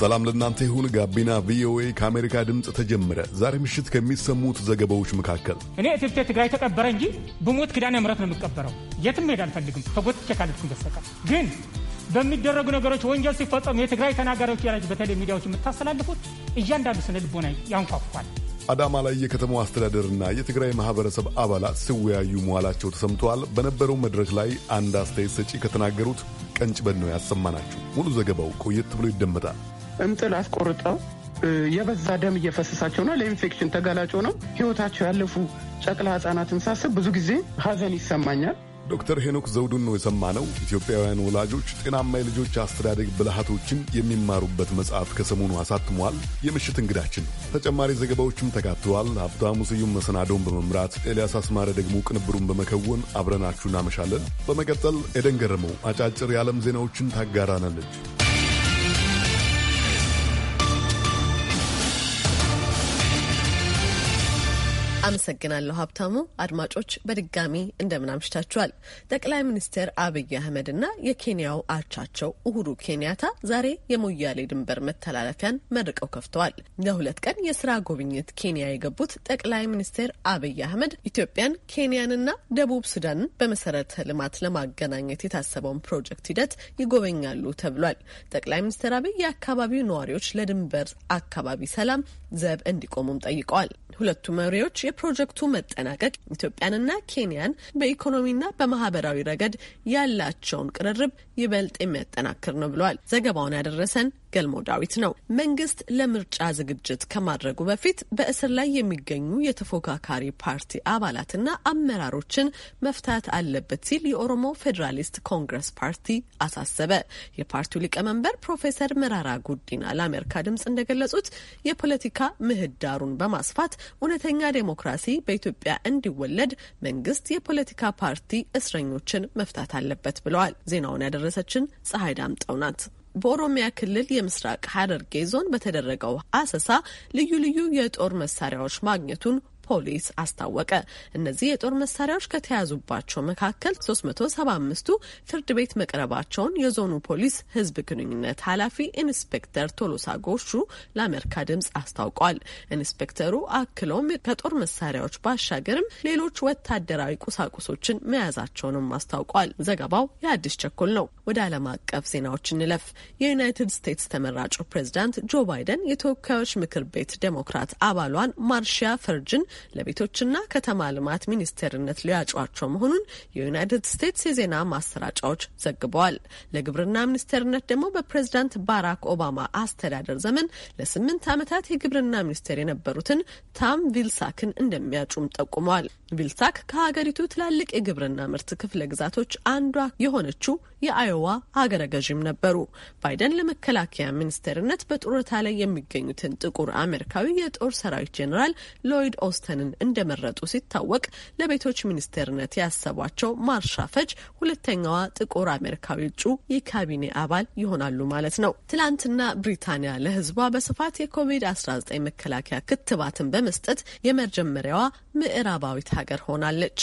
ሰላም ለእናንተ ይሁን። ጋቢና ቪኦኤ ከአሜሪካ ድምፅ ተጀመረ። ዛሬ ምሽት ከሚሰሙት ዘገባዎች መካከል እኔ ኢትዮጵያ ትግራይ ተቀበረ እንጂ ብሞት ኪዳነ ምሕረት ነው የምቀበረው። የትም መሄድ አልፈልግም ተጎትቼ ካልሄድኩኝ በስተቀር ግን በሚደረጉ ነገሮች ወንጀል ሲፈጸሙ የትግራይ ተናጋሪዎች ያላችሁ በተለይ ሚዲያዎች የምታስተላልፉት እያንዳንዱ ስነ ልቦና ያንኳኳል። አዳማ ላይ የከተማው አስተዳደርና የትግራይ ማህበረሰብ አባላት ሲወያዩ መዋላቸው ተሰምተዋል። በነበረው መድረክ ላይ አንድ አስተያየት ሰጪ ከተናገሩት ቀንጭበን ነው ያሰማናችሁ። ሙሉ ዘገባው ቆየት ብሎ ይደመጣል። እምጥል አስቆርጠው የበዛ ደም እየፈሰሳቸው ነው። ለኢንፌክሽን ተጋላጮ ነው ህይወታቸው ያለፉ ጨቅላ ህጻናትን ሳስብ ብዙ ጊዜ ሀዘን ይሰማኛል። ዶክተር ሄኖክ ዘውዱን ነው የሰማነው። ኢትዮጵያውያን ወላጆች ጤናማ የልጆች አስተዳደግ ብልሃቶችን የሚማሩበት መጽሐፍ ከሰሞኑ አሳትመዋል። የምሽት እንግዳችን ተጨማሪ ዘገባዎችም ተካትተዋል። ሀብታሙ ስዩም መሰናዶውን በመምራት ኤልያስ አስማረ ደግሞ ቅንብሩን በመከወን አብረናችሁ እናመሻለን። በመቀጠል ኤደን ገረመው አጫጭር የዓለም ዜናዎችን ታጋራናለች። አመሰግናለሁ ሀብታሙ። አድማጮች በድጋሚ እንደምን አምሽታችኋል። ጠቅላይ ሚኒስትር አብይ አህመድ እና የኬንያው አቻቸው ኡሁሩ ኬንያታ ዛሬ የሞያሌ ድንበር መተላለፊያን መርቀው ከፍተዋል። ለሁለት ቀን የስራ ጉብኝት ኬንያ የገቡት ጠቅላይ ሚኒስትር አብይ አህመድ ኢትዮጵያን፣ ኬንያንና ደቡብ ሱዳንን በመሰረተ ልማት ለማገናኘት የታሰበውን ፕሮጀክት ሂደት ይጎበኛሉ ተብሏል። ጠቅላይ ሚኒስትር አብይ የአካባቢው ነዋሪዎች ለድንበር አካባቢ ሰላም ዘብ እንዲቆሙም ጠይቀዋል። ሁለቱ መሪዎች የፕሮጀክቱ መጠናቀቅ ኢትዮጵያንና ኬንያን በኢኮኖሚና በማህበራዊ ረገድ ያላቸውን ቅርርብ ይበልጥ የሚያጠናክር ነው ብለዋል። ዘገባውን ያደረሰን ገልሞ ዳዊት ነው። መንግስት ለምርጫ ዝግጅት ከማድረጉ በፊት በእስር ላይ የሚገኙ የተፎካካሪ ፓርቲ አባላትና አመራሮችን መፍታት አለበት ሲል የኦሮሞ ፌዴራሊስት ኮንግረስ ፓርቲ አሳሰበ። የፓርቲው ሊቀመንበር ፕሮፌሰር መራራ ጉዲና ለአሜሪካ ድምጽ እንደገለጹት የፖለቲካ ምህዳሩን በማስፋት እውነተኛ ዴሞክራሲ በኢትዮጵያ እንዲወለድ መንግስት የፖለቲካ ፓርቲ እስረኞችን መፍታት አለበት ብለዋል። ዜናውን ያደረሰችን ፀሐይ ዳምጠው ናት። በኦሮሚያ ክልል የምስራቅ ሐረርጌ ዞን በተደረገው አሰሳ ልዩ ልዩ የጦር መሳሪያዎች ማግኘቱን ፖሊስ አስታወቀ። እነዚህ የጦር መሳሪያዎች ከተያዙባቸው መካከል 375ቱ ፍርድ ቤት መቅረባቸውን የዞኑ ፖሊስ ህዝብ ግንኙነት ኃላፊ ኢንስፔክተር ቶሎሳ ጎሹ ለአሜሪካ ድምጽ አስታውቋል። ኢንስፔክተሩ አክለውም ከጦር መሳሪያዎች ባሻገርም ሌሎች ወታደራዊ ቁሳቁሶችን መያዛቸውንም አስታውቋል። ዘገባው የአዲስ ቸኮል ነው። ወደ ዓለም አቀፍ ዜናዎች እንለፍ። የዩናይትድ ስቴትስ ተመራጩ ፕሬዚዳንት ጆ ባይደን የተወካዮች ምክር ቤት ዴሞክራት አባሏን ማርሺያ ፈርጅን ለቤቶችና ከተማ ልማት ሚኒስቴርነት ሊያጯቸው መሆኑን የዩናይትድ ስቴትስ የዜና ማሰራጫዎች ዘግበዋል። ለግብርና ሚኒስቴርነት ደግሞ በፕሬዝዳንት ባራክ ኦባማ አስተዳደር ዘመን ለስምንት ዓመታት የግብርና ሚኒስቴር የነበሩትን ታም ቪልሳክን እንደሚያጩም ጠቁመዋል። ቪልሳክ ከሀገሪቱ ትላልቅ የግብርና ምርት ክፍለ ግዛቶች አንዷ የሆነችው የአዮዋ አገረ ገዥም ነበሩ። ባይደን ለመከላከያ ሚኒስቴርነት በጡረታ ላይ የሚገኙትን ጥቁር አሜሪካዊ የጦር ሰራዊት ጄኔራል ሎይድ ኦስተ ሂውስተንን እንደመረጡ ሲታወቅ ለቤቶች ሚኒስቴርነት ያሰቧቸው ማርሻ ፈጅ ሁለተኛዋ ጥቁር አሜሪካዊ እጩ የካቢኔ አባል ይሆናሉ ማለት ነው። ትላንትና ብሪታንያ ለህዝቧ በስፋት የኮቪድ-19 መከላከያ ክትባትን በመስጠት የመጀመሪያዋ ምዕራባዊት ሀገር ሆናለች።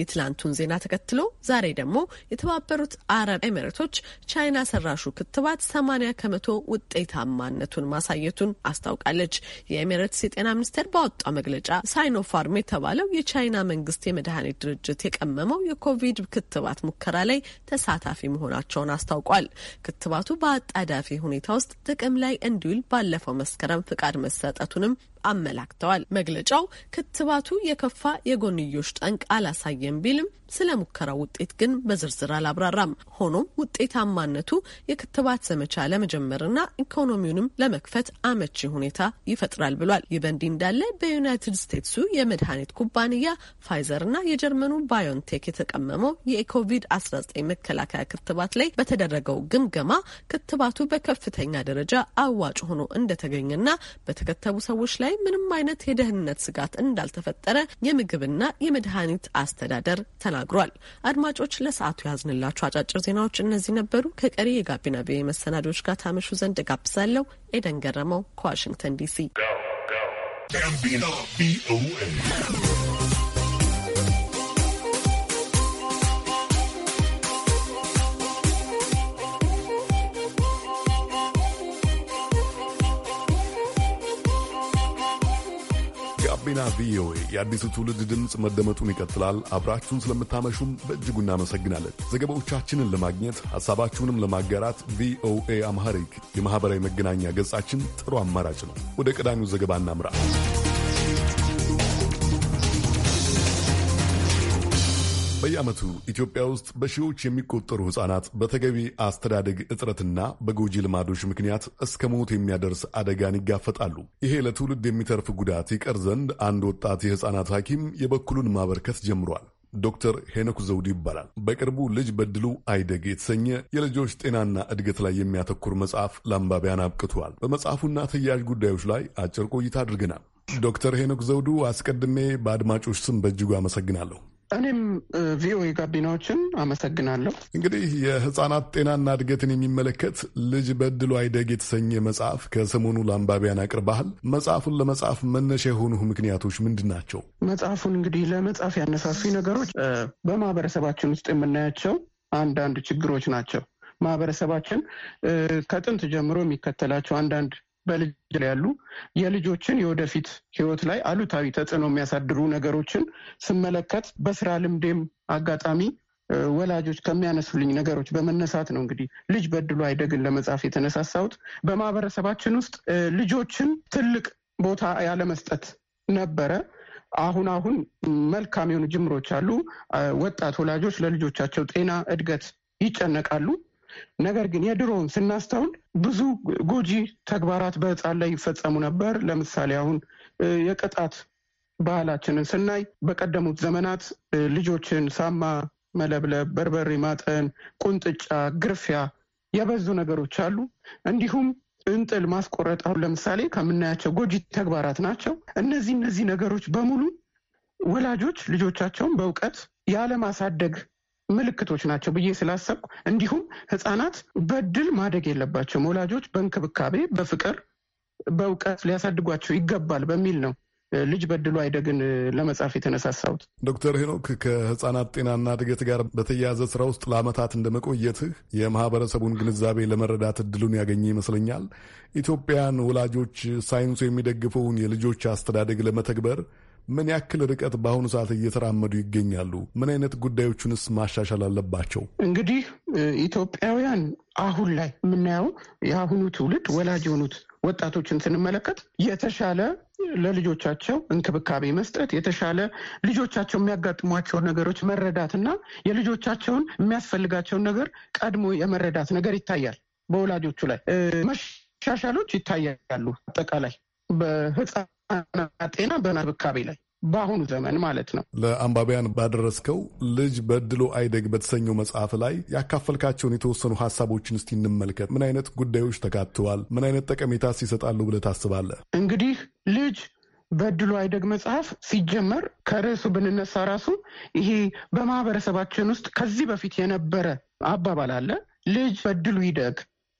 የትላንቱን ዜና ተከትሎ ዛሬ ደግሞ የተባበሩት አረብ ኤሚሬቶች ቻይና ሰራሹ ክትባት 80 ከመቶ ውጤታማነቱን ማሳየቱን አስታውቃለች። የኤሚሬትስ የጤና ሚኒስቴር ባወጣው መግለጫ ሳይኖፋርም የተባለው የቻይና መንግስት የመድኃኒት ድርጅት የቀመመው የኮቪድ ክትባት ሙከራ ላይ ተሳታፊ መሆናቸውን አስታውቋል። ክትባቱ በአጣዳፊ ሁኔታ ውስጥ ጥቅም ላይ እንዲውል ባለፈው መስከረም ፍቃድ መሰጠቱንም አመላክተዋል። መግለጫው ክትባቱ የከፋ የጎንዮሽ ጠንቅ አላሳየም ቢልም ስለ ሙከራው ውጤት ግን በዝርዝር አላብራራም። ሆኖም ውጤታማነቱ የክትባት ዘመቻ ለመጀመርና ኢኮኖሚውንም ለመክፈት አመቺ ሁኔታ ይፈጥራል ብሏል። ይህ በእንዲህ እንዳለ በዩናይትድ ስቴትሱ የመድኃኒት ኩባንያ ፋይዘርና የጀርመኑ ባዮንቴክ የተቀመመው የኮቪድ-19 መከላከያ ክትባት ላይ በተደረገው ግምገማ ክትባቱ በከፍተኛ ደረጃ አዋጭ ሆኖ እንደተገኘና በተከተቡ ሰዎች ላይ ላይ ምንም አይነት የደህንነት ስጋት እንዳልተፈጠረ የምግብና የመድኃኒት አስተዳደር ተናግሯል። አድማጮች ለሰዓቱ ያዝንላችሁ አጫጭር ዜናዎች እነዚህ ነበሩ። ከቀሪ የጋቢና ቪ መሰናዶች ጋር ታመሹ ዘንድ ጋብዛለሁ። ኤደን ገረመው ከዋሽንግተን ዲሲ ጋቢና ቪኦኤ የአዲሱ ትውልድ ድምፅ መደመጡን ይቀጥላል። አብራችሁን ስለምታመሹም በእጅጉ እናመሰግናለን። ዘገባዎቻችንን ለማግኘት ሐሳባችሁንም ለማጋራት ቪኦኤ አምሐሪክ የማኅበራዊ መገናኛ ገጻችን ጥሩ አማራጭ ነው። ወደ ቀዳሚው ዘገባ እናምራ። በየዓመቱ ኢትዮጵያ ውስጥ በሺዎች የሚቆጠሩ ሕፃናት በተገቢ አስተዳደግ እጥረትና በጎጂ ልማዶች ምክንያት እስከ ሞት የሚያደርስ አደጋን ይጋፈጣሉ። ይሄ ለትውልድ የሚተርፍ ጉዳት ይቀር ዘንድ አንድ ወጣት የሕፃናት ሐኪም የበኩሉን ማበርከት ጀምሯል። ዶክተር ሄኖክ ዘውዱ ይባላል። በቅርቡ ልጅ በድሉ አይደግ የተሰኘ የልጆች ጤናና እድገት ላይ የሚያተኩር መጽሐፍ ለአንባቢያን አብቅቷል። በመጽሐፉና ተያያዥ ጉዳዮች ላይ አጭር ቆይታ አድርገናል። ዶክተር ሄኖክ ዘውዱ አስቀድሜ በአድማጮች ስም በእጅጉ አመሰግናለሁ። እኔም ቪኦኤ ጋቢናዎችን አመሰግናለሁ። እንግዲህ የህጻናት ጤናና እድገትን የሚመለከት ልጅ በድሎ አይደግ የተሰኘ መጽሐፍ ከሰሞኑ ለአንባቢያን አቅርበሃል። መጽሐፉን ለመጻፍ መነሻ የሆኑ ምክንያቶች ምንድን ናቸው? መጽሐፉን እንግዲህ ለመጻፍ ያነሳሱ ነገሮች በማህበረሰባችን ውስጥ የምናያቸው አንዳንድ ችግሮች ናቸው። ማህበረሰባችን ከጥንት ጀምሮ የሚከተላቸው አንዳንድ በልጅ ላይ ያሉ የልጆችን የወደፊት ህይወት ላይ አሉታዊ ተጽዕኖ የሚያሳድሩ ነገሮችን ስመለከት በስራ ልምዴም አጋጣሚ ወላጆች ከሚያነሱልኝ ነገሮች በመነሳት ነው እንግዲህ ልጅ በድሎ አይደግን ለመጻፍ የተነሳሳሁት። በማህበረሰባችን ውስጥ ልጆችን ትልቅ ቦታ ያለመስጠት ነበረ። አሁን አሁን መልካም የሆኑ ጅምሮች አሉ። ወጣት ወላጆች ለልጆቻቸው ጤና፣ እድገት ይጨነቃሉ። ነገር ግን የድሮውን ስናስተውል ብዙ ጎጂ ተግባራት በህፃን ላይ ይፈጸሙ ነበር። ለምሳሌ አሁን የቅጣት ባህላችንን ስናይ በቀደሙት ዘመናት ልጆችን ሳማ መለብለብ፣ በርበሬ ማጠን፣ ቁንጥጫ፣ ግርፊያ የበዙ ነገሮች አሉ። እንዲሁም እንጥል ማስቆረጥ አሁን ለምሳሌ ከምናያቸው ጎጂ ተግባራት ናቸው። እነዚህ እነዚህ ነገሮች በሙሉ ወላጆች ልጆቻቸውን በእውቀት ያለማሳደግ ምልክቶች ናቸው ብዬ ስላሰብኩ እንዲሁም ህጻናት በድል ማደግ የለባቸውም ወላጆች በእንክብካቤ በፍቅር በእውቀት ሊያሳድጓቸው ይገባል በሚል ነው ልጅ በድሉ አይደግን ለመጻፍ የተነሳሳሁት። ዶክተር ሄኖክ ከህጻናት ጤናና እድገት ጋር በተያያዘ ስራ ውስጥ ለአመታት እንደመቆየትህ የማህበረሰቡን ግንዛቤ ለመረዳት እድሉን ያገኘ ይመስለኛል። ኢትዮጵያን ወላጆች ሳይንሱ የሚደግፈውን የልጆች አስተዳደግ ለመተግበር ምን ያክል ርቀት በአሁኑ ሰዓት እየተራመዱ ይገኛሉ? ምን አይነት ጉዳዮቹንስ ማሻሻል አለባቸው? እንግዲህ ኢትዮጵያውያን አሁን ላይ የምናየው የአሁኑ ትውልድ ወላጅ የሆኑት ወጣቶችን ስንመለከት የተሻለ ለልጆቻቸው እንክብካቤ መስጠት የተሻለ ልጆቻቸው የሚያጋጥሟቸውን ነገሮች መረዳት እና የልጆቻቸውን የሚያስፈልጋቸውን ነገር ቀድሞ የመረዳት ነገር ይታያል። በወላጆቹ ላይ መሻሻሎች ይታያሉ። አጠቃላይ በህፃናት ጤና በናብካቤ ላይ በአሁኑ ዘመን ማለት ነው። ለአንባቢያን ባደረስከው ልጅ በድሎ አይደግ በተሰኘው መጽሐፍ ላይ ያካፈልካቸውን የተወሰኑ ሀሳቦችን እስቲ እንመልከት። ምን አይነት ጉዳዮች ተካተዋል? ምን አይነት ጠቀሜታስ ይሰጣሉ ብለህ ታስባለህ? እንግዲህ ልጅ በድሎ አይደግ መጽሐፍ ሲጀመር ከርዕሱ ብንነሳ ራሱ ይሄ በማህበረሰባችን ውስጥ ከዚህ በፊት የነበረ አባባል አለ። ልጅ በድሉ ይደግ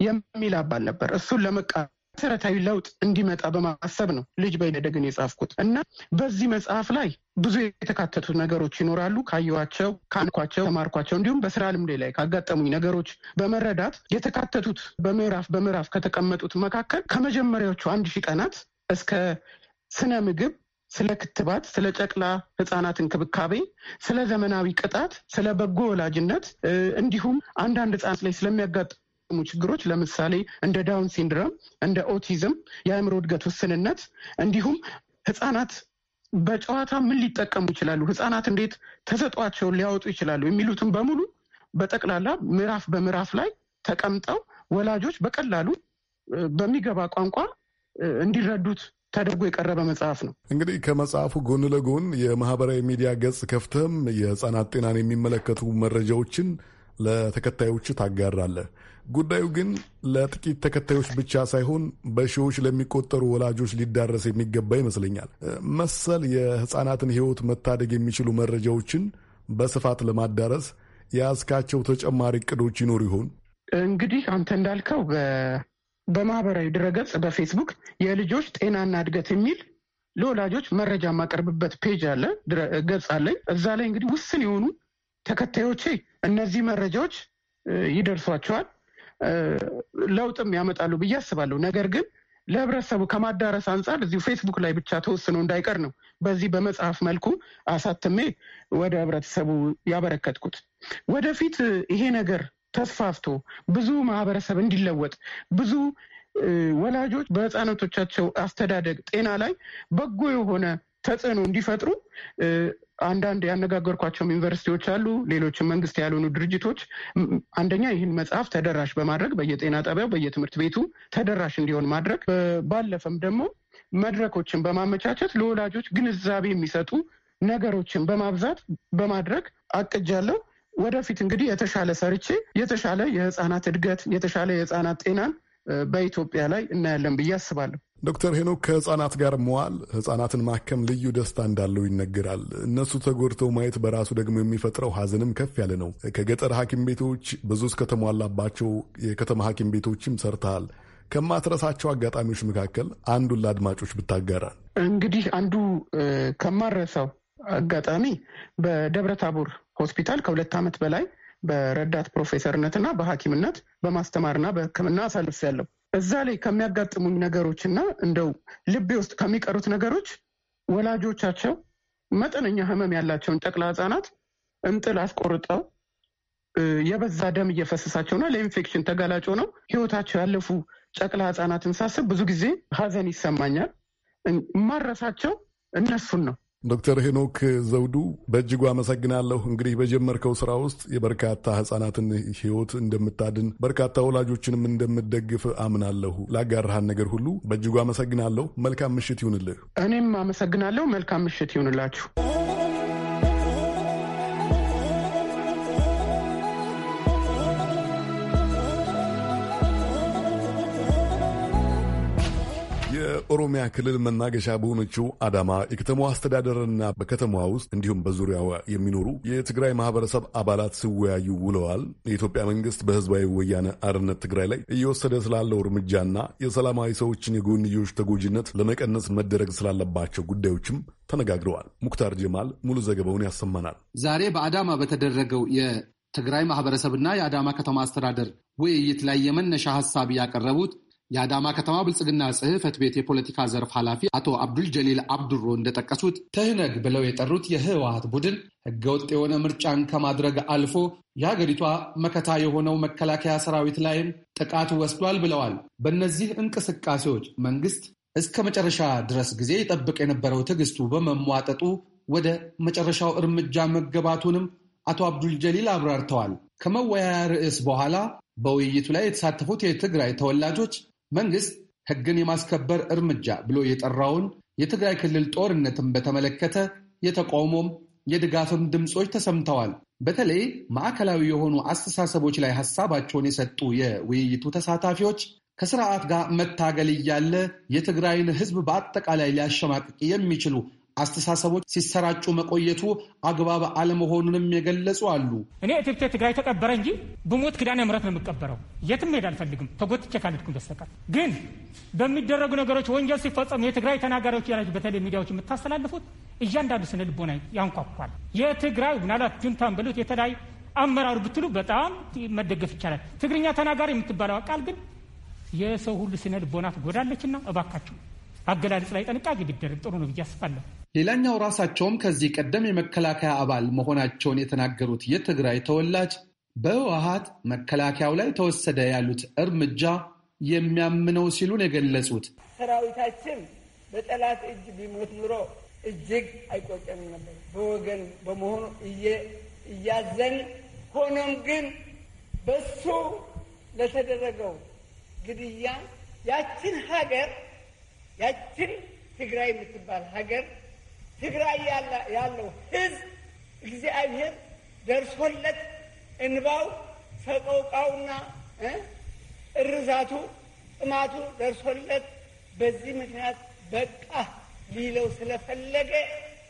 የሚል አባል ነበር። እሱን ለመቃ መሰረታዊ ለውጥ እንዲመጣ በማሰብ ነው ልጅ በይደደግን የጻፍኩት እና በዚህ መጽሐፍ ላይ ብዙ የተካተቱ ነገሮች ይኖራሉ። ካየኋቸው፣ ካንኳቸው፣ ተማርኳቸው እንዲሁም በስራ ልምዴ ላይ ካጋጠሙኝ ነገሮች በመረዳት የተካተቱት በምዕራፍ በምዕራፍ ከተቀመጡት መካከል ከመጀመሪያዎቹ አንድ ሺህ ቀናት እስከ ስነ ምግብ ስለ ክትባት፣ ስለ ጨቅላ ህጻናት እንክብካቤ፣ ስለ ዘመናዊ ቅጣት፣ ስለ በጎ ወላጅነት እንዲሁም አንዳንድ ህጻናት ላይ ስለሚያጋጥ የሚያጋጥሙ ችግሮች ለምሳሌ እንደ ዳውን ሲንድረም፣ እንደ ኦቲዝም፣ የአእምሮ እድገት ውስንነት እንዲሁም ህጻናት በጨዋታ ምን ሊጠቀሙ ይችላሉ፣ ህጻናት እንዴት ተሰጧቸውን ሊያወጡ ይችላሉ የሚሉትን በሙሉ በጠቅላላ ምዕራፍ በምዕራፍ ላይ ተቀምጠው ወላጆች በቀላሉ በሚገባ ቋንቋ እንዲረዱት ተደርጎ የቀረበ መጽሐፍ ነው። እንግዲህ ከመጽሐፉ ጎን ለጎን የማህበራዊ ሚዲያ ገጽ ከፍተህም የህጻናት ጤናን የሚመለከቱ መረጃዎችን ለተከታዮች ታጋራለህ። ጉዳዩ ግን ለጥቂት ተከታዮች ብቻ ሳይሆን በሺዎች ለሚቆጠሩ ወላጆች ሊዳረስ የሚገባ ይመስለኛል። መሰል የሕፃናትን ሕይወት መታደግ የሚችሉ መረጃዎችን በስፋት ለማዳረስ የያዝካቸው ተጨማሪ እቅዶች ይኖሩ ይሆን? እንግዲህ አንተ እንዳልከው በማህበራዊ ድረገጽ በፌስቡክ የልጆች ጤናና እድገት የሚል ለወላጆች መረጃ የማቀርብበት ፔጅ አለ፣ ገጽ አለኝ። እዛ ላይ እንግዲህ ውስን የሆኑ ተከታዮቼ እነዚህ መረጃዎች ይደርሷቸዋል፣ ለውጥም ያመጣሉ ብዬ አስባለሁ። ነገር ግን ለህብረተሰቡ ከማዳረስ አንጻር እዚሁ ፌስቡክ ላይ ብቻ ተወስኖ እንዳይቀር ነው በዚህ በመጽሐፍ መልኩ አሳትሜ ወደ ህብረተሰቡ ያበረከትኩት። ወደፊት ይሄ ነገር ተስፋፍቶ ብዙ ማህበረሰብ እንዲለወጥ ብዙ ወላጆች በህፃናቶቻቸው አስተዳደግ ጤና ላይ በጎ የሆነ ተጽዕኖ እንዲፈጥሩ አንዳንድ ያነጋገርኳቸውም ዩኒቨርሲቲዎች አሉ፣ ሌሎችም መንግስት ያልሆኑ ድርጅቶች አንደኛ ይህን መጽሐፍ ተደራሽ በማድረግ በየጤና ጣቢያው በየትምህርት ቤቱ ተደራሽ እንዲሆን ማድረግ ባለፈም ደግሞ መድረኮችን በማመቻቸት ለወላጆች ግንዛቤ የሚሰጡ ነገሮችን በማብዛት በማድረግ አቅጃለሁ። ወደፊት እንግዲህ የተሻለ ሰርቼ የተሻለ የህፃናት እድገት የተሻለ የህፃናት ጤናን በኢትዮጵያ ላይ እናያለን ብዬ አስባለሁ። ዶክተር ሄኖክ ከህጻናት ጋር መዋል ህጻናትን ማከም ልዩ ደስታ እንዳለው ይነገራል። እነሱ ተጎድተው ማየት በራሱ ደግሞ የሚፈጥረው ሀዘንም ከፍ ያለ ነው። ከገጠር ሐኪም ቤቶች ብዙ እስከተሟላባቸው የከተማ ሐኪም ቤቶችም ሰርተሃል። ከማትረሳቸው አጋጣሚዎች መካከል አንዱን ለአድማጮች ብታጋራል። እንግዲህ አንዱ ከማረሳው አጋጣሚ በደብረ ታቦር ሆስፒታል ከሁለት ዓመት በላይ በረዳት ፕሮፌሰርነትና በሐኪምነት በማስተማርና በሕክምና አሳልፍ ያለው እዛ ላይ ከሚያጋጥሙኝ ነገሮች እና እንደው ልቤ ውስጥ ከሚቀሩት ነገሮች ወላጆቻቸው መጠነኛ ህመም ያላቸውን ጨቅላ ህጻናት እምጥል አስቆርጠው የበዛ ደም እየፈሰሳቸውና ለኢንፌክሽን ተጋላጮ ነው ህይወታቸው ያለፉ ጨቅላ ህጻናትን ሳስብ ብዙ ጊዜ ሀዘን ይሰማኛል። ማረሳቸው እነሱን ነው። ዶክተር ሄኖክ ዘውዱ በእጅጉ አመሰግናለሁ። እንግዲህ በጀመርከው ስራ ውስጥ የበርካታ ህጻናትን ህይወት እንደምታድን በርካታ ወላጆችንም እንደምደግፍ አምናለሁ። ላጋርሃን ነገር ሁሉ በእጅጉ አመሰግናለሁ። መልካም ምሽት ይሁንልህ። እኔም አመሰግናለሁ። መልካም ምሽት ይሁንላችሁ። የኦሮሚያ ክልል መናገሻ በሆነችው አዳማ የከተማዋ አስተዳደርና በከተማዋ ውስጥ እንዲሁም በዙሪያዋ የሚኖሩ የትግራይ ማህበረሰብ አባላት ሲወያዩ ውለዋል። የኢትዮጵያ መንግስት በህዝባዊ ወያነ አርነት ትግራይ ላይ እየወሰደ ስላለው እርምጃና የሰላማዊ ሰዎችን የጎንዮሽ ተጎጂነት ለመቀነስ መደረግ ስላለባቸው ጉዳዮችም ተነጋግረዋል። ሙክታር ጀማል ሙሉ ዘገባውን ያሰማናል። ዛሬ በአዳማ በተደረገው የትግራይ ማህበረሰብና የአዳማ ከተማ አስተዳደር ውይይት ላይ የመነሻ ሀሳብ ያቀረቡት የአዳማ ከተማ ብልጽግና ጽሕፈት ቤት የፖለቲካ ዘርፍ ኃላፊ አቶ አብዱል ጀሊል አብዱሮ እንደጠቀሱት ትህነግ ብለው የጠሩት የህወሀት ቡድን ህገወጥ የሆነ ምርጫን ከማድረግ አልፎ የሀገሪቷ መከታ የሆነው መከላከያ ሰራዊት ላይም ጥቃት ወስዷል ብለዋል። በእነዚህ እንቅስቃሴዎች መንግስት እስከ መጨረሻ ድረስ ጊዜ ይጠብቅ የነበረው ትዕግስቱ በመሟጠጡ ወደ መጨረሻው እርምጃ መገባቱንም አቶ አብዱል ጀሊል አብራርተዋል። ከመወያያ ርዕስ በኋላ በውይይቱ ላይ የተሳተፉት የትግራይ ተወላጆች መንግስት ህግን የማስከበር እርምጃ ብሎ የጠራውን የትግራይ ክልል ጦርነትን በተመለከተ የተቃውሞም የድጋፍም ድምፆች ተሰምተዋል። በተለይ ማዕከላዊ የሆኑ አስተሳሰቦች ላይ ሀሳባቸውን የሰጡ የውይይቱ ተሳታፊዎች ከስርዓት ጋር መታገል እያለ የትግራይን ህዝብ በአጠቃላይ ሊያሸማቅቅ የሚችሉ አስተሳሰቦች ሲሰራጩ መቆየቱ አግባብ አለመሆኑንም የገለጹ አሉ። እኔ ኢትዮጵያ ትግራይ ተቀበረ እንጂ ብሞት ኪዳነ ምሕረት ነው የምቀበረው። የትም መሄድ አልፈልግም ተጎትቼ ካልሄድኩም በስተቀር ግን በሚደረጉ ነገሮች ወንጀል ሲፈጸሙ የትግራይ ተናጋሪዎች ያላችሁ በተለይ ሚዲያዎች የምታስተላልፉት እያንዳንዱ ስነ ልቦና ያንኳኳል። የትግራይ ምናልባት ጁንታን ብሉት የተለያዩ አመራሩ ብትሉ በጣም መደገፍ ይቻላል። ትግርኛ ተናጋሪ የምትባለው ቃል ግን የሰው ሁሉ ስነ ልቦና ትጎዳለችና እባካችሁ አገላለጽ ላይ ጥንቃቄ ቢደረግ ጥሩ ነው ብዬ አስባለሁ። ሌላኛው ራሳቸውም ከዚህ ቀደም የመከላከያ አባል መሆናቸውን የተናገሩት የትግራይ ተወላጅ በህወሀት መከላከያው ላይ ተወሰደ ያሉት እርምጃ የሚያምነው ሲሉን የገለጹት ሰራዊታችን በጠላት እጅ ቢሞት ኑሮ እጅግ አይቆጨም ነበር። በወገን በመሆኑ እያዘን ሆኖም ግን በሱ ለተደረገው ግድያ ያችን ሀገር ያችን ትግራይ የምትባል ሀገር ትግራይ ያለው ህዝብ እግዚአብሔር ደርሶለት እንባው ሰቆቃውና እርዛቱ ጥማቱ ደርሶለት በዚህ ምክንያት በቃ ሊለው ስለፈለገ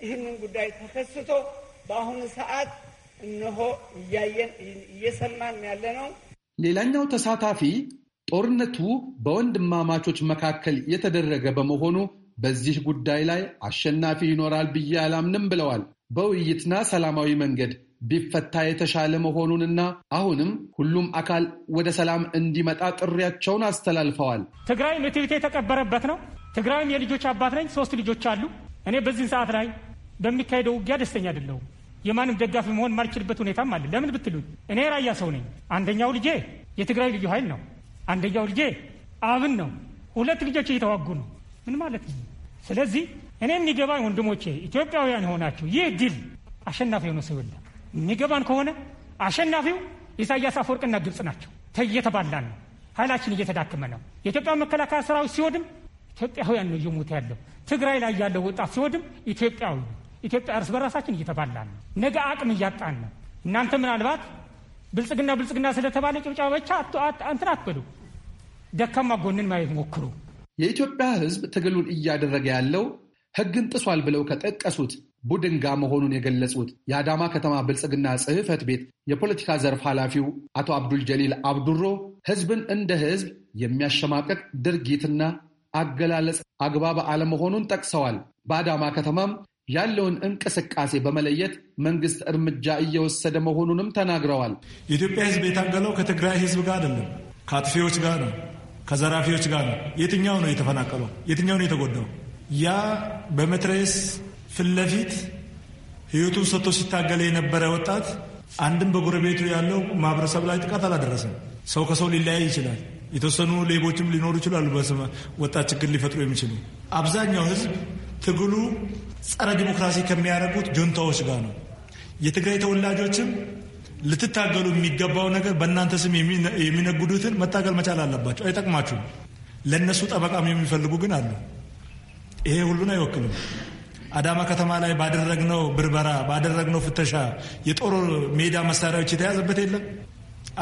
ይህንን ጉዳይ ተከስቶ በአሁኑ ሰዓት እነሆ እያየን እየሰማን ያለ ነው። ሌላኛው ተሳታፊ ጦርነቱ በወንድማማቾች መካከል የተደረገ በመሆኑ በዚህ ጉዳይ ላይ አሸናፊ ይኖራል ብዬ አላምንም ብለዋል። በውይይትና ሰላማዊ መንገድ ቢፈታ የተሻለ መሆኑንና አሁንም ሁሉም አካል ወደ ሰላም እንዲመጣ ጥሪያቸውን አስተላልፈዋል። ትግራይም እትብቴ የተቀበረበት ነው። ትግራይም የልጆች አባት ነኝ። ሶስት ልጆች አሉ። እኔ በዚህን ሰዓት ላይ በሚካሄደው ውጊያ ደስተኛ አይደለሁም። የማንም ደጋፊ መሆን ማልችልበት ሁኔታም አለ። ለምን ብትሉኝ እኔ ራያ ሰው ነኝ። አንደኛው ልጄ የትግራይ ልዩ ኃይል ነው። አንደኛው ልጄ አብን ነው። ሁለት ልጆች እየተዋጉ ነው። ምን ማለት ነው? ስለዚህ እኔ የሚገባኝ ወንድሞቼ ኢትዮጵያውያን የሆናችሁ ይህ ድል አሸናፊ የሆነ ሰው የለም። የሚገባን ከሆነ አሸናፊው ኢሳያስ አፈወርቅና ግብፅ ናቸው። እየተባላን ነው። ኃይላችን እየተዳከመ ነው። የኢትዮጵያ መከላከያ ሰራዊት ሲወድም ኢትዮጵያውያን ነው እየሞተ ያለው። ትግራይ ላይ ያለው ወጣት ሲወድም ኢትዮጵያዊ ኢትዮጵያ እርስ በራሳችን እየተባላን ነው። ነገ አቅም እያጣን ነው። እናንተ ምናልባት ብልጽግና ብልጽግና ስለተባለ ጭብጫ ብቻ እንትን አትበሉ። ደካማ ጎንን ማየት ሞክሩ። የኢትዮጵያ ሕዝብ ትግሉን እያደረገ ያለው ሕግን ጥሷል ብለው ከጠቀሱት ቡድን ጋር መሆኑን የገለጹት የአዳማ ከተማ ብልጽግና ጽሕፈት ቤት የፖለቲካ ዘርፍ ኃላፊው አቶ አብዱል ጀሊል አብዱሮ ሕዝብን እንደ ሕዝብ የሚያሸማቀቅ ድርጊትና አገላለጽ አግባብ አለመሆኑን ጠቅሰዋል። በአዳማ ከተማም ያለውን እንቅስቃሴ በመለየት መንግስት እርምጃ እየወሰደ መሆኑንም ተናግረዋል። የኢትዮጵያ ሕዝብ የታገለው ከትግራይ ሕዝብ ጋር አይደለም፣ ከአጥፊዎች ጋር ነው። ከዘራፊዎች ጋር ነው። የትኛው ነው የተፈናቀለው? የትኛው ነው የተጎዳው? ያ በመትረየስ ፊት ለፊት ህይወቱን ሰጥቶ ሲታገለ የነበረ ወጣት አንድም በጎረቤቱ ያለው ማህበረሰብ ላይ ጥቃት አላደረሰም። ሰው ከሰው ሊለያይ ይችላል። የተወሰኑ ሌቦችም ሊኖሩ ይችላሉ፣ ወጣት ችግር ሊፈጥሩ የሚችሉ አብዛኛው ህዝብ ትግሉ ጸረ ዲሞክራሲ ከሚያደርጉት ጆንታዎች ጋር ነው። የትግራይ ተወላጆችም ልትታገሉ የሚገባው ነገር በእናንተ ስም የሚነግዱትን መታገል መቻል አለባቸው። አይጠቅማችሁም። ለእነሱ ጠበቃም የሚፈልጉ ግን አሉ። ይሄ ሁሉን አይወክልም። አዳማ ከተማ ላይ ባደረግነው ብርበራ ባደረግነው ፍተሻ የጦር ሜዳ መሳሪያዎች የተያዘበት የለም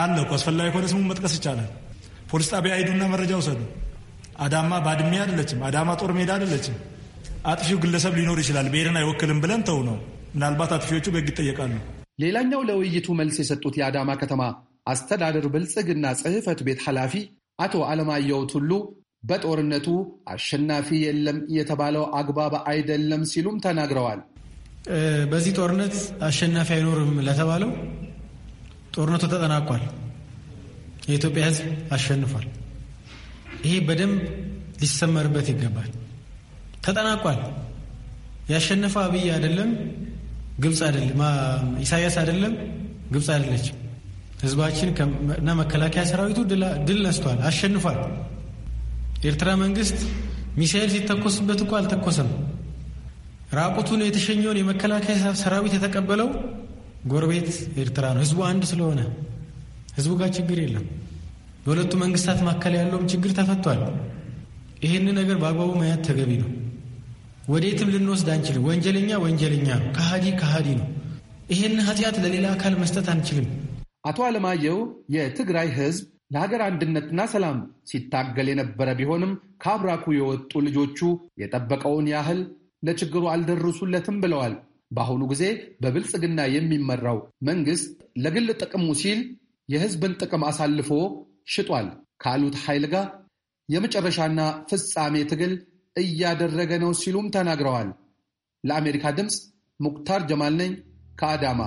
አለ እኮ። አስፈላጊ ከሆነ ስሙ መጥቀስ ይቻላል። ፖሊስ ጣቢያ ሂዱና መረጃ ውሰዱ። አዳማ ባድሜ አይደለችም። አዳማ ጦር ሜዳ አይደለችም። አጥፊው ግለሰብ ሊኖር ይችላል፣ ብሄርን አይወክልም ብለን ተው ነው። ምናልባት አጥፊዎቹ በግ ይጠየቃሉ። ሌላኛው ለውይይቱ መልስ የሰጡት የአዳማ ከተማ አስተዳደር ብልጽግና ጽህፈት ቤት ኃላፊ አቶ አለማየሁ ቱሉ በጦርነቱ አሸናፊ የለም የተባለው አግባብ አይደለም ሲሉም ተናግረዋል። በዚህ ጦርነት አሸናፊ አይኖርም ለተባለው ጦርነቱ ተጠናቋል። የኢትዮጵያ ሕዝብ አሸንፏል። ይሄ በደንብ ሊሰመርበት ይገባል። ተጠናቋል። ያሸነፈ አብይ አይደለም ግብፅ አይደለም፣ ኢሳያስ አይደለም፣ ግብፅ አይደለች ህዝባችን እና መከላከያ ሰራዊቱ ድል ነስቷል፣ አሸንፏል። ኤርትራ መንግስት ሚሳኤል ሲተኮስበት እኮ አልተኮሰም። ራቁቱን የተሸኘውን የመከላከያ ሰራዊት የተቀበለው ጎረቤት ኤርትራ ነው። ህዝቡ አንድ ስለሆነ ህዝቡ ጋር ችግር የለም። በሁለቱ መንግስታት መካከል ያለውም ችግር ተፈቷል። ይህን ነገር በአግባቡ ማየት ተገቢ ነው። ወዴትም ልንወስድ አንችልም። ወንጀለኛ ወንጀለኛ ነው፣ ከሃዲ ከሃዲ ነው። ይህን ኃጢአት ለሌላ አካል መስጠት አንችልም። አቶ አለማየሁ የትግራይ ህዝብ ለሀገር አንድነትና ሰላም ሲታገል የነበረ ቢሆንም ከአብራኩ የወጡ ልጆቹ የጠበቀውን ያህል ለችግሩ አልደረሱለትም ብለዋል። በአሁኑ ጊዜ በብልጽግና የሚመራው መንግስት ለግል ጥቅሙ ሲል የህዝብን ጥቅም አሳልፎ ሽጧል ካሉት ኃይል ጋር የመጨረሻና ፍጻሜ ትግል እያደረገ ነው ሲሉም ተናግረዋል። ለአሜሪካ ድምፅ ሙክታር ጀማል ነኝ ከአዳማ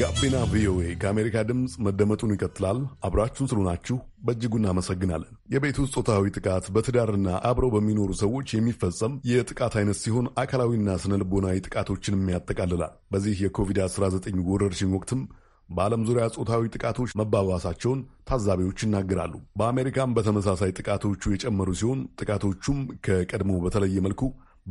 ጋቢና ቪኦኤ ከአሜሪካ ድምፅ መደመጡን ይቀጥላል። አብራችሁን ስለሆናችሁ በእጅጉ እናመሰግናለን። የቤት ውስጥ ጾታዊ ጥቃት በትዳርና አብረው በሚኖሩ ሰዎች የሚፈጸም የጥቃት አይነት ሲሆን አካላዊና ስነ ልቦናዊ ጥቃቶችንም ያጠቃልላል። በዚህ የኮቪድ-19 ወረርሽኝ ወቅትም በዓለም ዙሪያ ጾታዊ ጥቃቶች መባባሳቸውን ታዛቢዎች ይናገራሉ። በአሜሪካም በተመሳሳይ ጥቃቶቹ የጨመሩ ሲሆን ጥቃቶቹም ከቀድሞ በተለየ መልኩ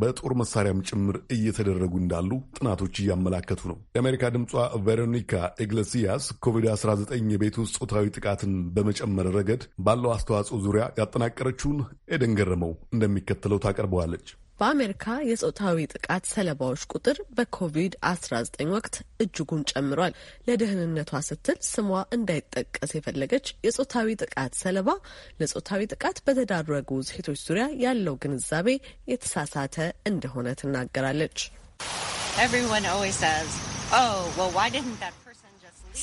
በጦር መሳሪያም ጭምር እየተደረጉ እንዳሉ ጥናቶች እያመላከቱ ነው። የአሜሪካ ድምጿ ቬሮኒካ ኤግሌሲያስ ኮቪድ-19 የቤት ውስጥ ጾታዊ ጥቃትን በመጨመር ረገድ ባለው አስተዋጽኦ ዙሪያ ያጠናቀረችውን ኤደን ገረመው እንደሚከተለው ታቀርበዋለች። በአሜሪካ የጾታዊ ጥቃት ሰለባዎች ቁጥር በኮቪድ-19 ወቅት እጅጉን ጨምሯል። ለደህንነቷ ስትል ስሟ እንዳይጠቀስ የፈለገች የጾታዊ ጥቃት ሰለባ ለጾታዊ ጥቃት በተዳረጉ ሴቶች ዙሪያ ያለው ግንዛቤ የተሳሳተ እንደሆነ ትናገራለች።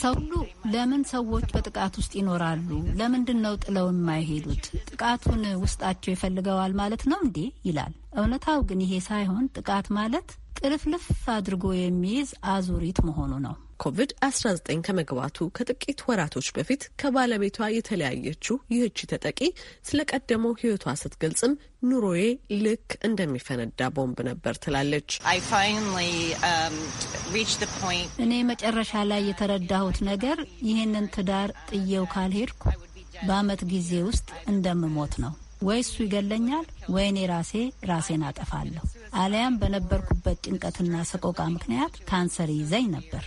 ሰው ሁሉ ለምን ሰዎች በጥቃት ውስጥ ይኖራሉ? ለምንድን ነው ጥለው የማይሄዱት? ጥቃቱን ውስጣቸው ይፈልገዋል ማለት ነው እንዴ? ይላል። እውነታው ግን ይሄ ሳይሆን ጥቃት ማለት ጥልፍልፍ አድርጎ የሚይዝ አዙሪት መሆኑ ነው። ኮቪድ-19 ከመግባቱ ከጥቂት ወራቶች በፊት ከባለቤቷ የተለያየችው ይህቺ ተጠቂ ስለ ቀደመው ሕይወቷ ስትገልጽም ኑሮዬ ልክ እንደሚፈነዳ ቦምብ ነበር ትላለች። um, እኔ መጨረሻ ላይ የተረዳሁት ነገር ይህንን ትዳር ጥየው ካልሄድኩ በአመት ጊዜ ውስጥ እንደምሞት ነው። ወይ እሱ ይገለኛል ወይ እኔ ራሴ ራሴን አጠፋለሁ። አሊያም በነበርኩበት ጭንቀትና ሰቆቃ ምክንያት ካንሰር ይዘኝ ነበር።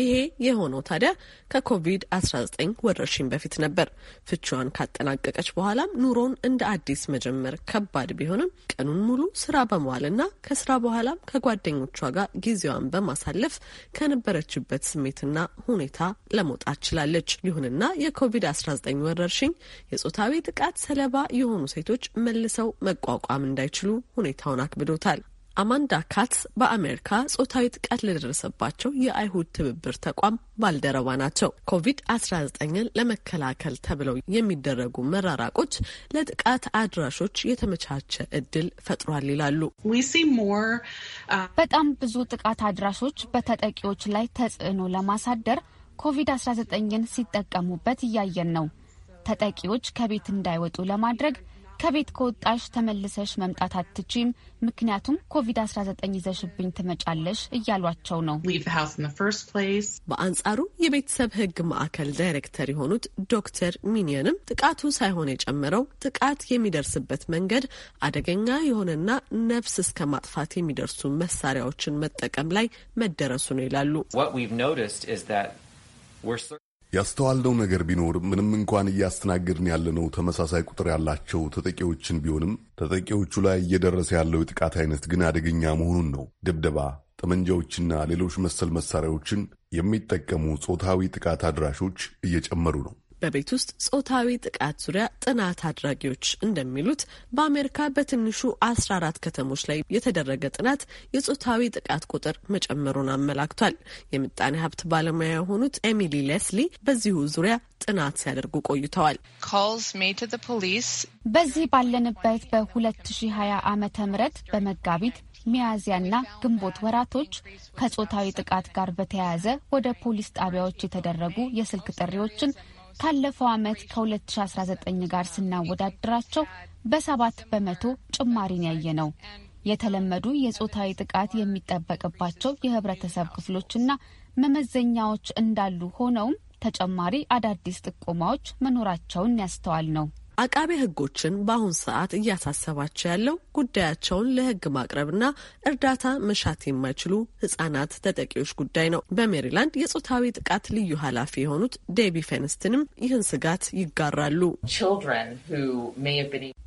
ይሄ የሆነው ታዲያ ከኮቪድ-19 ወረርሽኝ በፊት ነበር። ፍቻዋን ካጠናቀቀች በኋላም ኑሮን እንደ አዲስ መጀመር ከባድ ቢሆንም ቀኑን ሙሉ ስራ በመዋልና ከስራ በኋላም ከጓደኞቿ ጋር ጊዜዋን በማሳለፍ ከነበረችበት ስሜትና ሁኔታ ለመውጣት ችላለች። ይሁንና የኮቪድ-19 ወረርሽኝ የጾታዊ ጥቃት ሰለባ የሆኑ ሴቶች መልሰው መቋቋም እንዳይችሉ ሁኔታውን አክብዶታል። አማንዳ ካትስ በአሜሪካ ጾታዊ ጥቃት ለደረሰባቸው የአይሁድ ትብብር ተቋም ባልደረባ ናቸው። ኮቪድ-19ን ለመከላከል ተብለው የሚደረጉ መራራቆች ለጥቃት አድራሾች የተመቻቸ እድል ፈጥሯል ይላሉ። uh, በጣም ብዙ ጥቃት አድራሾች በተጠቂዎች ላይ ተጽዕኖ ለማሳደር ኮቪድ-19ን ሲጠቀሙበት እያየን ነው። ተጠቂዎች ከቤት እንዳይወጡ ለማድረግ ከቤት ከወጣሽ ተመልሰሽ መምጣት አትችም፣ ምክንያቱም ኮቪድ-19 ይዘሽብኝ ትመጫለሽ እያሏቸው ነው። በአንጻሩ የቤተሰብ ሕግ ማዕከል ዳይሬክተር የሆኑት ዶክተር ሚኒየንም ጥቃቱ ሳይሆን የጨመረው ጥቃት የሚደርስበት መንገድ አደገኛ የሆነና ነፍስ እስከ ማጥፋት የሚደርሱ መሳሪያዎችን መጠቀም ላይ መደረሱ ነው ይላሉ። ያስተዋልነው ነገር ቢኖር ምንም እንኳን እያስተናገድን ያለነው ተመሳሳይ ቁጥር ያላቸው ተጠቂዎችን ቢሆንም ተጠቂዎቹ ላይ እየደረሰ ያለው የጥቃት አይነት ግን አደገኛ መሆኑን ነው። ድብደባ፣ ጠመንጃዎችና ሌሎች መሰል መሳሪያዎችን የሚጠቀሙ ጾታዊ ጥቃት አድራሾች እየጨመሩ ነው። በቤት ውስጥ ጾታዊ ጥቃት ዙሪያ ጥናት አድራጊዎች እንደሚሉት በአሜሪካ በትንሹ አስራ አራት ከተሞች ላይ የተደረገ ጥናት የጾታዊ ጥቃት ቁጥር መጨመሩን አመላክቷል። የምጣኔ ሀብት ባለሙያ የሆኑት ኤሚሊ ሌስሊ በዚሁ ዙሪያ ጥናት ሲያደርጉ ቆይተዋል። በዚህ ባለንበት በ2020 ዓመተ ምህረት በመጋቢት ሚያዝያና ግንቦት ወራቶች ከጾታዊ ጥቃት ጋር በተያያዘ ወደ ፖሊስ ጣቢያዎች የተደረጉ የስልክ ጥሪዎችን ካለፈው ዓመት ከ2019 ጋር ስናወዳድራቸው በሰባት በመቶ ጭማሪን ያየ ነው። የተለመዱ የጾታዊ ጥቃት የሚጠበቅባቸው የህብረተሰብ ክፍሎችና መመዘኛዎች እንዳሉ ሆነውም ተጨማሪ አዳዲስ ጥቆማዎች መኖራቸውን ያስተዋል ነው። አቃቤ ሕጎችን በአሁን ሰዓት እያሳሰባቸው ያለው ጉዳያቸውን ለሕግ ማቅረብና እርዳታ መሻት የማይችሉ ህጻናት ተጠቂዎች ጉዳይ ነው። በሜሪላንድ የጾታዊ ጥቃት ልዩ ኃላፊ የሆኑት ዴቢ ፌንስትንም ይህን ስጋት ይጋራሉ።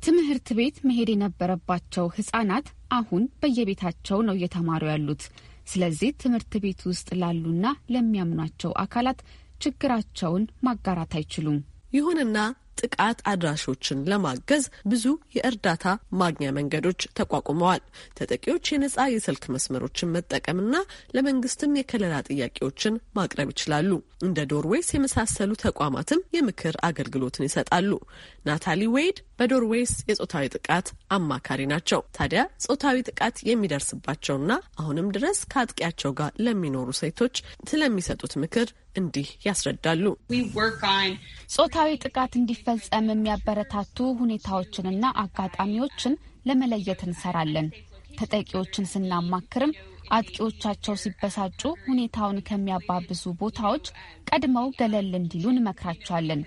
ትምህርት ቤት መሄድ የነበረባቸው ህጻናት አሁን በየቤታቸው ነው እየተማሩ ያሉት። ስለዚህ ትምህርት ቤት ውስጥ ላሉና ለሚያምኗቸው አካላት ችግራቸውን ማጋራት አይችሉም። ይሁንና ጥቃት አድራሾችን ለማገዝ ብዙ የእርዳታ ማግኛ መንገዶች ተቋቁመዋል። ተጠቂዎች የነጻ የስልክ መስመሮችን መጠቀምና ለመንግስትም የከለላ ጥያቄዎችን ማቅረብ ይችላሉ። እንደ ዶርዌይስ የመሳሰሉ ተቋማትም የምክር አገልግሎትን ይሰጣሉ። ናታሊ ዌይድ በዶርዌይስ የጾታዊ ጥቃት አማካሪ ናቸው። ታዲያ ጾታዊ ጥቃት የሚደርስባቸውና አሁንም ድረስ ከአጥቂያቸው ጋር ለሚኖሩ ሴቶች ስለሚሰጡት ምክር እንዲህ ያስረዳሉ። ጾታዊ ጥቃት እንዲፈ ለመፈጸም የሚያበረታቱ ሁኔታዎችንና አጋጣሚዎችን ለመለየት እንሰራለን። ተጠቂዎችን ስናማክርም አጥቂዎቻቸው ሲበሳጩ ሁኔታውን ከሚያባብሱ ቦታዎች ቀድመው ገለል እንዲሉ እንመክራቸዋለን።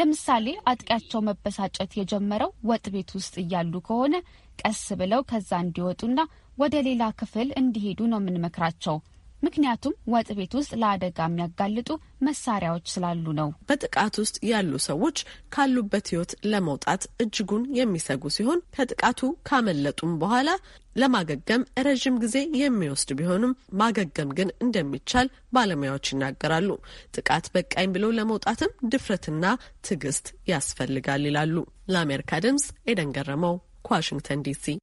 ለምሳሌ አጥቂያቸው መበሳጨት የጀመረው ወጥ ቤት ውስጥ እያሉ ከሆነ ቀስ ብለው ከዛ እንዲወጡና ወደ ሌላ ክፍል እንዲሄዱ ነው የምንመክራቸው። ምክንያቱም ወጥ ቤት ውስጥ ለአደጋ የሚያጋልጡ መሳሪያዎች ስላሉ ነው። በጥቃት ውስጥ ያሉ ሰዎች ካሉበት ህይወት ለመውጣት እጅጉን የሚሰጉ ሲሆን ከጥቃቱ ካመለጡም በኋላ ለማገገም ረዥም ጊዜ የሚወስድ ቢሆንም ማገገም ግን እንደሚቻል ባለሙያዎች ይናገራሉ። ጥቃት በቃኝ ብለው ለመውጣትም ድፍረትና ትዕግስት ያስፈልጋል ይላሉ። ለአሜሪካ ድምጽ ኤደን ገረመው ከዋሽንግተን ዲሲ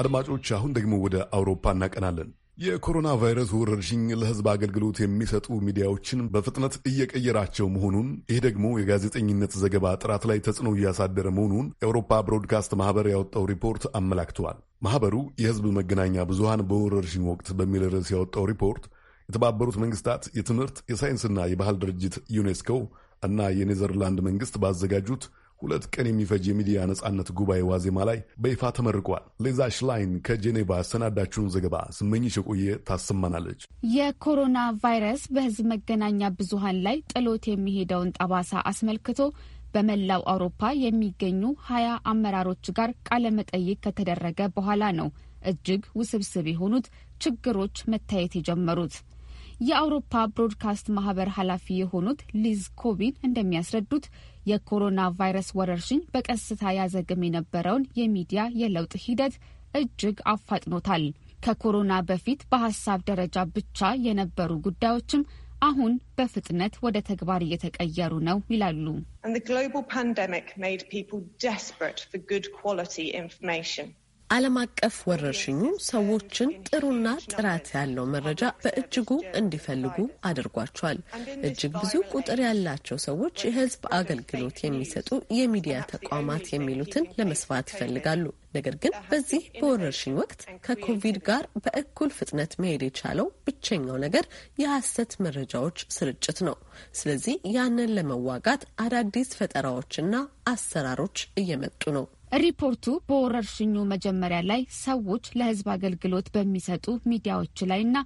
አድማጮች፣ አሁን ደግሞ ወደ አውሮፓ እናቀናለን። የኮሮና ቫይረስ ወረርሽኝ ለሕዝብ አገልግሎት የሚሰጡ ሚዲያዎችን በፍጥነት እየቀየራቸው መሆኑን ይህ ደግሞ የጋዜጠኝነት ዘገባ ጥራት ላይ ተጽዕኖ እያሳደረ መሆኑን የአውሮፓ ብሮድካስት ማህበር ያወጣው ሪፖርት አመላክተዋል። ማህበሩ የሕዝብ መገናኛ ብዙሃን በወረርሽኝ ወቅት በሚል ርዕስ ያወጣው ሪፖርት የተባበሩት መንግስታት የትምህርት የሳይንስና የባህል ድርጅት ዩኔስኮ እና የኔዘርላንድ መንግስት ባዘጋጁት ሁለት ቀን የሚፈጅ የሚዲያ ነጻነት ጉባኤ ዋዜማ ላይ በይፋ ተመርቋል። ሌዛ ሽላይን ከጄኔቫ ያሰናዳችውን ዘገባ ስመኝሽ የቆየ ታሰማናለች። የኮሮና ቫይረስ በሕዝብ መገናኛ ብዙሃን ላይ ጥሎት የሚሄደውን ጠባሳ አስመልክቶ በመላው አውሮፓ የሚገኙ ሀያ አመራሮች ጋር ቃለመጠይቅ ከተደረገ በኋላ ነው እጅግ ውስብስብ የሆኑት ችግሮች መታየት የጀመሩት። የአውሮፓ ብሮድካስት ማህበር ኃላፊ የሆኑት ሊዝ ኮቢን እንደሚያስረዱት የኮሮና ቫይረስ ወረርሽኝ በቀስታ ያዘግም የነበረውን የሚዲያ የለውጥ ሂደት እጅግ አፋጥኖታል። ከኮሮና በፊት በሀሳብ ደረጃ ብቻ የነበሩ ጉዳዮችም አሁን በፍጥነት ወደ ተግባር እየተቀየሩ ነው ይላሉ። And the global pandemic made people desperate for good quality information. ዓለም አቀፍ ወረርሽኙ ሰዎችን ጥሩና ጥራት ያለው መረጃ በእጅጉ እንዲፈልጉ አድርጓቸዋል። እጅግ ብዙ ቁጥር ያላቸው ሰዎች የሕዝብ አገልግሎት የሚሰጡ የሚዲያ ተቋማት የሚሉትን ለመስፋት ይፈልጋሉ። ነገር ግን በዚህ በወረርሽኝ ወቅት ከኮቪድ ጋር በእኩል ፍጥነት መሄድ የቻለው ብቸኛው ነገር የሐሰት መረጃዎች ስርጭት ነው። ስለዚህ ያንን ለመዋጋት አዳዲስ ፈጠራዎችና አሰራሮች እየመጡ ነው። ሪፖርቱ በወረርሽኙ መጀመሪያ ላይ ሰዎች ለህዝብ አገልግሎት በሚሰጡ ሚዲያዎች ላይና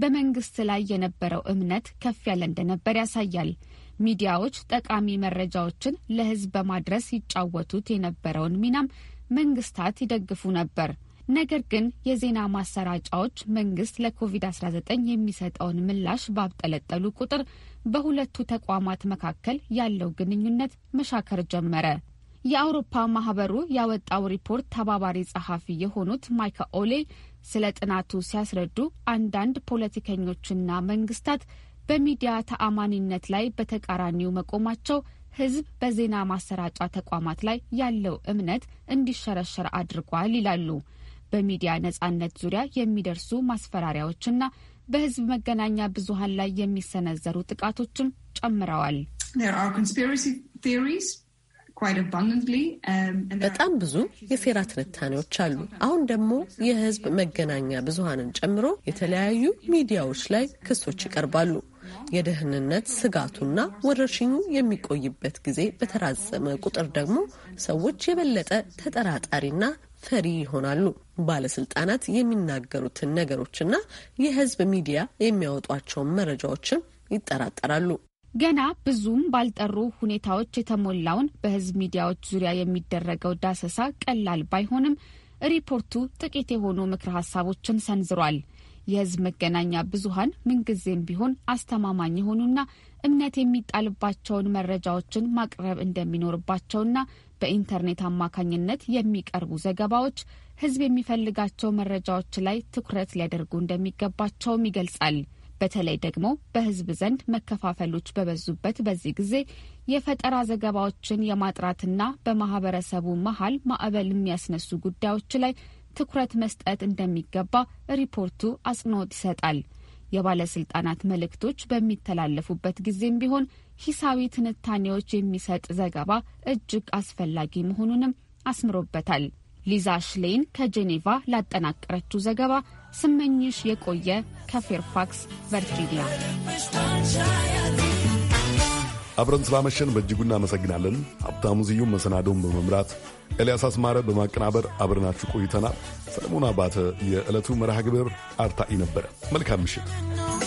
በመንግስት ላይ የነበረው እምነት ከፍ ያለ እንደነበር ያሳያል። ሚዲያዎች ጠቃሚ መረጃዎችን ለሕዝብ በማድረስ ይጫወቱት የነበረውን ሚናም መንግስታት ይደግፉ ነበር። ነገር ግን የዜና ማሰራጫዎች መንግስት ለኮቪድ-19 የሚሰጠውን ምላሽ ባብጠለጠሉ ቁጥር በሁለቱ ተቋማት መካከል ያለው ግንኙነት መሻከር ጀመረ። የአውሮፓ ማህበሩ ያወጣው ሪፖርት ተባባሪ ጸሐፊ የሆኑት ማይከ ኦሌ ስለ ጥናቱ ሲያስረዱ አንዳንድ ፖለቲከኞችና መንግስታት በሚዲያ ተአማኒነት ላይ በተቃራኒው መቆማቸው ህዝብ በዜና ማሰራጫ ተቋማት ላይ ያለው እምነት እንዲሸረሸር አድርጓል ይላሉ። በሚዲያ ነጻነት ዙሪያ የሚደርሱ ማስፈራሪያዎችና በህዝብ መገናኛ ብዙሀን ላይ የሚሰነዘሩ ጥቃቶችም ጨምረዋል። Um, በጣም ብዙ የሴራ ትንታኔዎች አሉ። አሁን ደግሞ የህዝብ መገናኛ ብዙሃንን ጨምሮ የተለያዩ ሚዲያዎች ላይ ክሶች ይቀርባሉ። የደህንነት ስጋቱና ወረርሽኙ የሚቆይበት ጊዜ በተራዘመ ቁጥር ደግሞ ሰዎች የበለጠ ተጠራጣሪና ፈሪ ይሆናሉ። ባለስልጣናት የሚናገሩትን ነገሮችና የህዝብ ሚዲያ የሚያወጧቸውን መረጃዎችም ይጠራጠራሉ። ገና ብዙም ባልጠሩ ሁኔታዎች የተሞላውን በህዝብ ሚዲያዎች ዙሪያ የሚደረገው ዳሰሳ ቀላል ባይሆንም ሪፖርቱ ጥቂት የሆኑ ምክረ ሀሳቦችን ሰንዝሯል። የህዝብ መገናኛ ብዙሀን ምንጊዜም ቢሆን አስተማማኝ የሆኑና እምነት የሚጣልባቸውን መረጃዎችን ማቅረብ እንደሚኖርባቸውና በኢንተርኔት አማካኝነት የሚቀርቡ ዘገባዎች ህዝብ የሚፈልጋቸው መረጃዎች ላይ ትኩረት ሊያደርጉ እንደሚገባቸውም ይገልጻል። በተለይ ደግሞ በህዝብ ዘንድ መከፋፈሎች በበዙበት በዚህ ጊዜ የፈጠራ ዘገባዎችን የማጥራትና በማህበረሰቡ መሀል ማዕበል የሚያስነሱ ጉዳዮች ላይ ትኩረት መስጠት እንደሚገባ ሪፖርቱ አጽንኦት ይሰጣል። የባለስልጣናት መልእክቶች በሚተላለፉበት ጊዜም ቢሆን ሂሳዊ ትንታኔዎች የሚሰጥ ዘገባ እጅግ አስፈላጊ መሆኑንም አስምሮበታል። ሊዛ ሽሌን ከጄኔቫ ላጠናቀረችው ዘገባ ስመኝሽ የቆየ ከፌርፋክስ ቨርጂኒያ አብረን ስላመሸን በእጅጉ እናመሰግናለን። ሀብታሙ ዝዩም መሰናዶውን በመምራት ኤልያስ አስማረ በማቀናበር አብረናችሁ ቆይተናል። ሰለሞን አባተ የዕለቱ መርሃ ግብር አርታኢ ነበረ። መልካም ምሽት።